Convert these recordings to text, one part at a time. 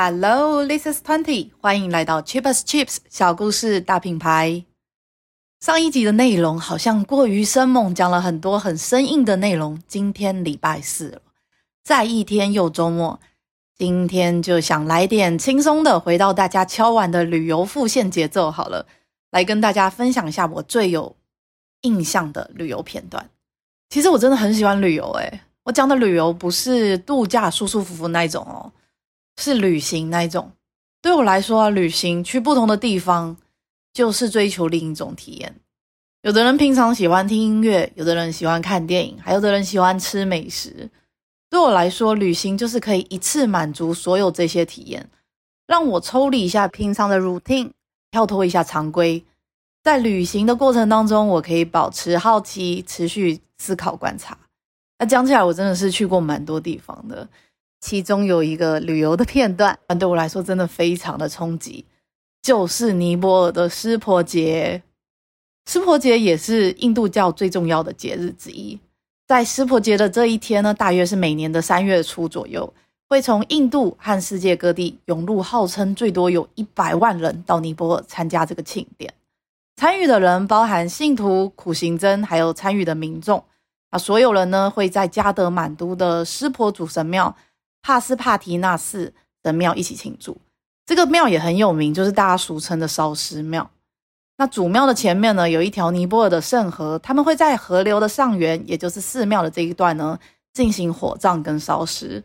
Hello, this is 20，歡迎來到 Cheap as Chips 小故事大品牌。上一集的內容好像過於生猛，講了很多很生硬的內容。今天禮拜四了，再一天又週末，今天就想來點輕鬆的，回到大家敲碗的旅遊復現節奏好了，來跟大家分享一下我最有印象的旅遊片段。其實我真的很喜歡旅遊誒，誒我講的旅遊不是度假舒舒服服那種哦。是旅行那一種，對我來說啊，旅行去不同的地方就是追求另一種體驗。有的人平常喜歡聽音樂，有的人喜歡看電影，還有的人喜歡吃美食。對我來說，旅行就是可以一次滿足所有這些體驗，讓我抽離一下平常的 routine，跳脫一下常規。在旅行的過程當中，我可以保持好奇，持續思考觀察。那，啊，講起來，我真的是去過蠻多地方的。其中有一個旅遊的片段，但對我來說真的非常的衝擊，就是尼泊爾的濕婆節。濕婆節也是印度教最重要的節日之一。在濕婆節的這一天呢，大約是每年的三月初左右，會從印度和世界各地湧入，號稱最多有一百萬人到尼泊爾參加這個慶典。參與的人包含信徒、苦行僧，還有參與的民眾啊，所有人呢會在加德滿都的濕婆主神廟。帕斯帕提納寺的廟一起慶祝，這個廟也很有名，就是大家俗稱的燒屍廟。那主廟的前面呢，有一條尼泊爾的聖河，他們會在河流的上緣，也就是寺廟的這一段呢，進行火葬跟燒屍；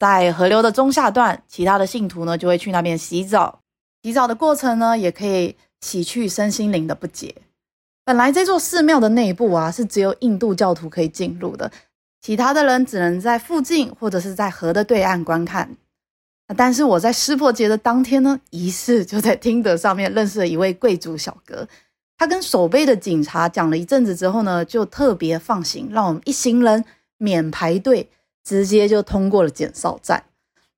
在河流的中下段，其他的信徒呢，就會去那邊洗澡。洗澡的過程呢，也可以洗去身心靈的不潔。本來這座寺廟的內部啊，是只有印度教徒可以進入的。其他的人只能在附近或者是在河的對岸觀看。啊、但是我在濕婆節的當天呢，一次就在聽德上面認識了一位貴族小哥。他跟守備的警察講了一陣子之後呢，就特別放行，讓我們一行人免排隊，直接就通過了檢哨站。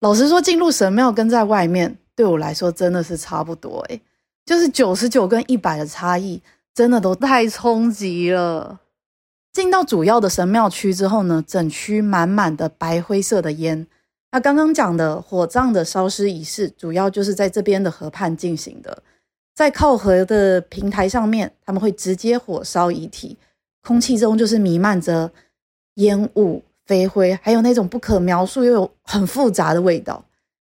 老實說，進入神廟跟在外面對我來說真的是差不多誒、欸，就是九十九跟一百的差異，真的都太衝擊了。進到主要的神廟區之後呢，整區滿滿的白灰色的煙。那剛剛講的火葬的燒屍儀式，主要就是在這邊的河畔進行的，在靠河的平台上面，他們會直接火燒遺體，空氣中就是彌漫着煙霧、飛灰，還有那種不可描述又有很複雜的味道。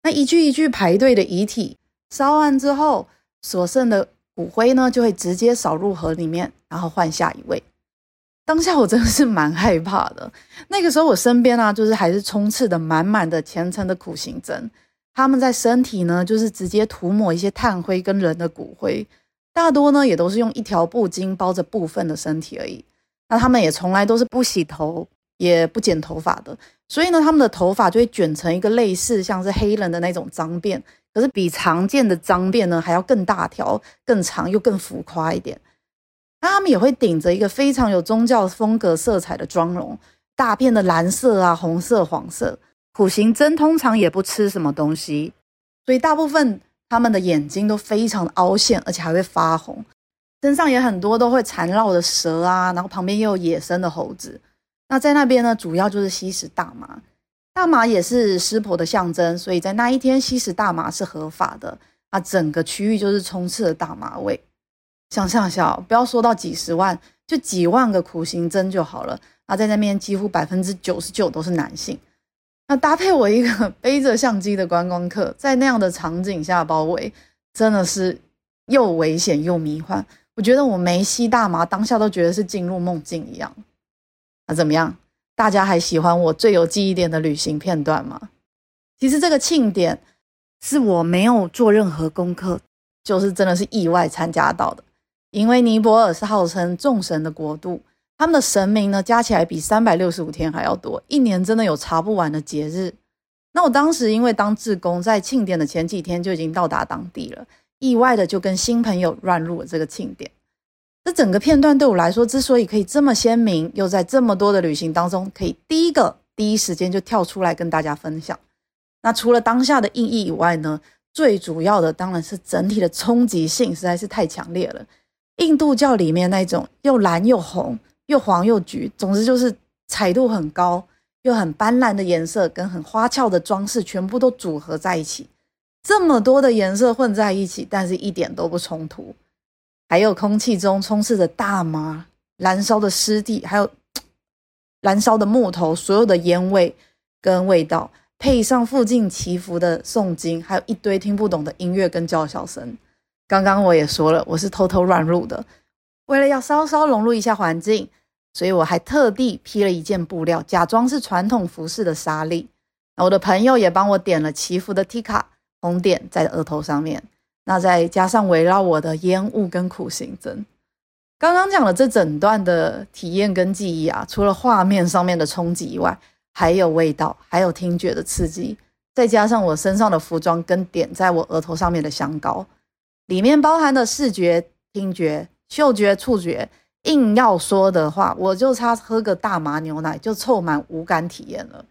那一具一具排隊的遺體燒完之後，所剩的骨灰呢，就會直接掃入河裡面，然後換下一位。當下我真的是蠻害怕的。那個時候我身邊啊，就是還是充斥著滿滿的虔誠的苦行僧。他們在身體呢，就是直接塗抹一些炭灰跟人的骨灰，大多呢也都是用一條布巾包着部分的身體而已。那他們也從來都是不洗頭，也不剪頭髮的，所以呢，他們的頭髮就會捲成一個類似像是黑人的那種髒辮，可是比常見的髒辮呢還要更大條、更長又更浮誇一點。那他們也會頂着一個非常有宗教風格色彩的妝容，大片的藍色啊、紅色、黃色。苦行僧通常也不吃什麼東西，所以大部分他們的眼睛都非常的凹陷，而且還會發紅。身上也很多都會纏繞的蛇啊，然後旁邊也有野生的猴子。那在那邊呢，主要就是吸食大麻，大麻也是濕婆的象徵，所以在那一天吸食大麻是合法的。那整個區域就是充斥着大麻味。想像一下，不要說到幾十萬，就幾萬個苦行僧就好了。啊，在那邊幾乎百分之九十九都是男性。那搭配我一個背着相機的觀光客，在那樣的場景下包圍，真的是又危險又迷幻。我覺得我沒吸大麻，當下都覺得是進入夢境一樣。那怎麼樣？大家還喜歡我最有記憶點的旅行片段嗎？其實這個慶典是我沒有做任何功課，就是真的是意外參加到的。因為尼泊爾是號稱眾神的國度，他們的神明呢，加起來比三百六十五天還要多，一年真的有查不完的節日。那我當時因為當志工，在慶典的前幾天就已經到達當地了，意外的就跟新朋友亂入了這個慶典。這整個片段對我來說，之所以可以這麼鮮明，又在這麼多的旅行當中可以第一個第一時間就跳出來跟大家分享。那除了當下的意義以外呢，最主要的當然是整體的衝擊性實在是太強烈了。印度教裡面那種又藍又紅又黃又橘，總之就是彩度很高又很斑斕的顏色，跟很花俏的裝飾全部都組合在一起。這麼多的顏色混在一起，但是一點都不衝突。還有空氣中充斥着大麻、燃燒的屍體，還有燃燒的木頭，所有的煙味跟味道，配上附近祈福的誦經，還有一堆聽不懂的音樂跟叫囂聲。剛剛我也說了，我是偷偷亂入的，為了要稍稍融入一下環境，所以我還特地披了一件布料，假裝是傳統服飾的沙麗。我的朋友也幫我點了祈福的 T 卡，紅點在額頭上面。那再加上圍繞我的煙霧跟苦行僧，剛剛講了這整段的體驗跟記憶啊，除了畫面上面的衝擊以外，還有味道，還有聽覺的刺激，再加上我身上的服裝跟點在我額頭上面的香膏。裡面包含的視覺、聽覺、嗅覺、觸覺，硬要說的話，我就差喝個大麻牛奶就湊滿五感體驗了。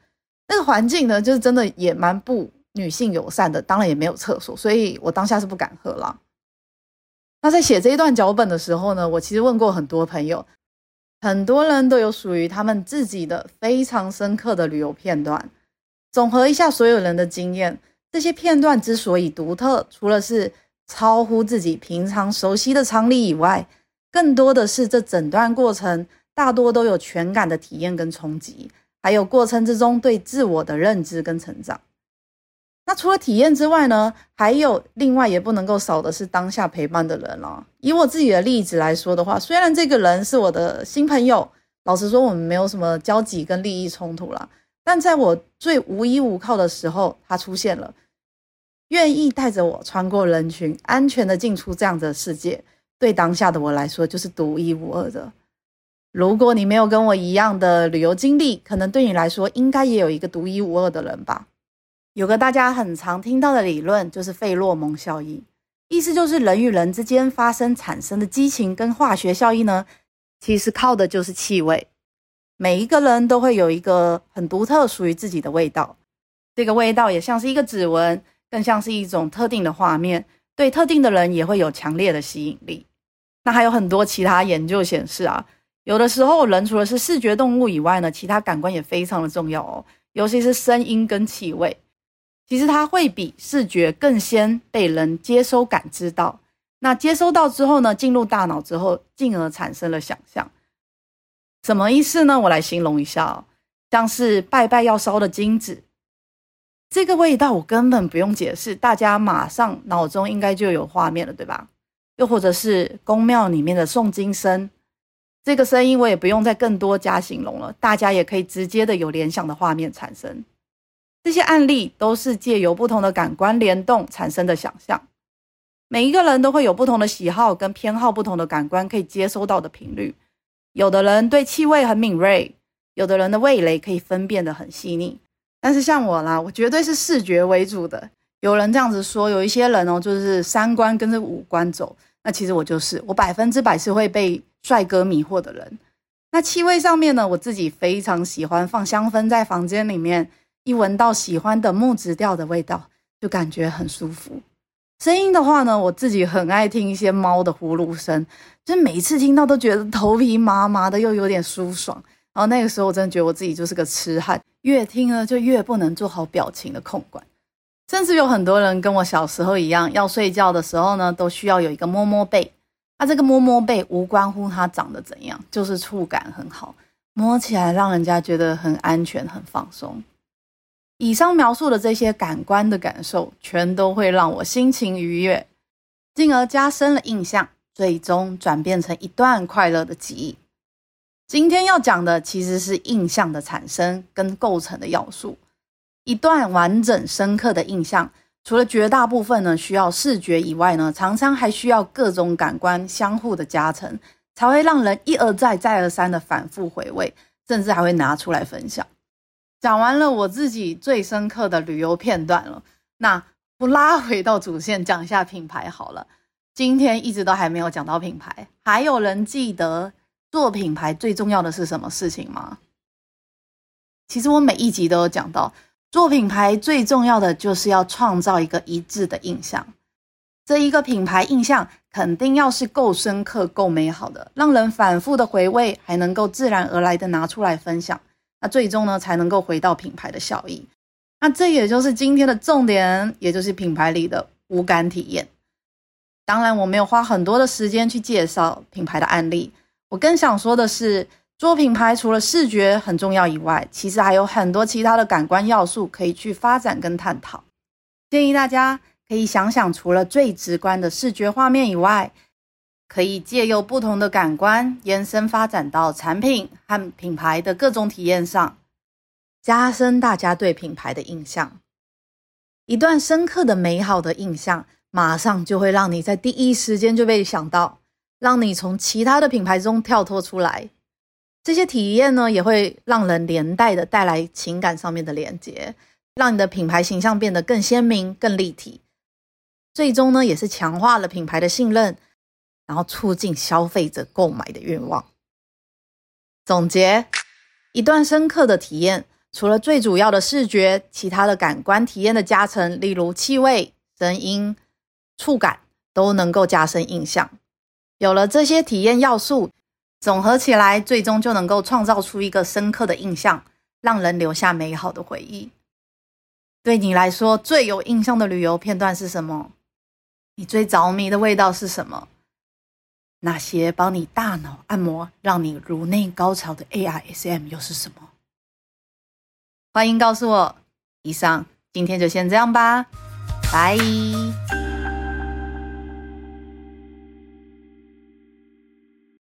那個環境呢，就是真的也蠻不女性友善的，當然也沒有廁所，所以我當下是不敢喝了。那在寫這一段腳本的時候呢，我其實問過很多朋友，很多人都有屬於他們自己的非常深刻的旅遊片段。總合一下所有人的經驗，這些片段之所以獨特，除了是超乎自己平常熟悉的常理以外，更多的是這整段過程大多都有五感的體驗跟衝擊，還有過程之中對自我的認知跟成長。那除了體驗之外呢，還有另外也不能夠少的是當下陪伴的人了。以我自己的例子來說的話，雖然這個人是我的新朋友，老實說我們沒有什麼交集跟利益衝突了，但在我最無依無靠的時候，他出現了。願意帶着我穿過人群，安全地進出這樣的世界，對當下的我來說就是獨一無二的。如果你沒有跟我一樣的旅遊經歷，可能對你來說應該也有一個獨一無二的人吧。有個大家很常聽到的理論，就是費洛蒙效應，意思就是人與人之間發生產生的激情跟化學效應呢，其實靠的就是氣味。每一個人都會有一個很獨特、屬於自己的味道，這個味道也像是一個指紋。更像是一種特定的畫面，對特定的人也會有強烈的吸引力。那還有很多其他研究顯示啊，有的時候人除了是視覺動物以外呢，其他感官也非常的重要哦，尤其是聲音跟氣味。其實它會比視覺更先被人接收感知到。那接收到之後呢，進入大腦之後，進而產生了想象。什麼意思呢？我來形容一下哦，像是拜拜要燒的金紙。這個味道我根本不用解釋，大家馬上腦中應該就有畫面了，對吧？又或者是宮廟裡面的誦經聲，這個聲音我也不用再更多加形容了，大家也可以直接的有聯想的畫面產生。這些案例都是借由不同的感官聯動產生的想象。每一個人都會有不同的喜好跟偏好，不同的感官可以接收到的頻率，有的人對氣味很敏銳，有的人的味蕾可以分辨得很細膩。但是像我啦，我絕對是視覺為主的。有人這樣子說，有一些人哦，就是三觀跟着五官走。那其實我就是，我百分之百是會被帥哥迷惑的人。那氣味上面呢，我自己非常喜歡放香氛在房間裡面，一聞到喜歡的木質調的味道，就感覺很舒服。聲音的話呢，我自己很愛聽一些貓的呼嚕聲，就是每一次聽到都覺得頭皮麻麻的，又有點舒爽。然後那個時候，我真的覺得我自己就是個痴漢，越聽呢就越不能做好表情的控管。甚至有很多人跟我小時候一樣，要睡覺的時候呢，都需要有一個摸摸背。那、啊、這個摸摸背無關乎它長得怎樣，就是觸感很好，摸起來讓人家覺得很安全、很放鬆。以上描述的這些感官的感受，全都會讓我心情愉悅，進而加深了印象，最終轉變成一段快樂的記憶。今天要講的其實是印象的產生跟構成的要素。一段完整、深刻的印象，除了絕大部分呢需要視覺以外呢，常常還需要各種感官相互的加成，才會讓人一而再、再而三的反覆回味，甚至還會拿出來分享。講完了我自己最深刻的旅游片段了，那不拉回到主線，講一下品牌好了。今天一直都還沒有講到品牌，還有人記得做品牌最重要的是什麼事情嗎？其實我每一集都有講到，做品牌最重要的就是要創造一個一致的印象。這一個品牌印象肯定要是夠深刻、夠美好的，讓人反復的回味，還能夠自然而然的拿出來分享。那最終呢，才能夠回到品牌的效益。那這也就是今天的重點，也就是品牌裡的五感體驗。當然，我沒有花很多的時間去介紹品牌的案例。我更想說的是，做品牌除了視覺很重要以外，其實還有很多其他的感官要素可以去發展跟探討。建議大家可以想想，除了最直觀的視覺畫面以外，可以借由不同的感官延伸發展到產品和品牌的各種體驗上，加深大家對品牌的印象。一段深刻的美好的印象，馬上就會讓你在第一時間就被想到。讓你從其他的品牌中跳脫出來，這些體驗呢也會讓人連帶的帶來情感上面的連接，讓你的品牌形象變得更鮮明、更立體，最終呢也是強化了品牌的信任，然後促進消費者購買的願望。總結：一段深刻的體驗，除了最主要的視覺，其他的感官體驗的加成，例如氣味、聲音、觸感，都能夠加深印象。有了這些體驗要素，總合起來，最終就能夠創造出一個深刻的印象，讓人留下美好的回憶。對你來說，最有印象的旅遊片段是什麼？你最着迷的味道是什麼？那些幫你大腦按摩、讓你顱內高潮的 ASMR 又是什麼？歡迎告訴我。以上，今天就先這樣吧，拜。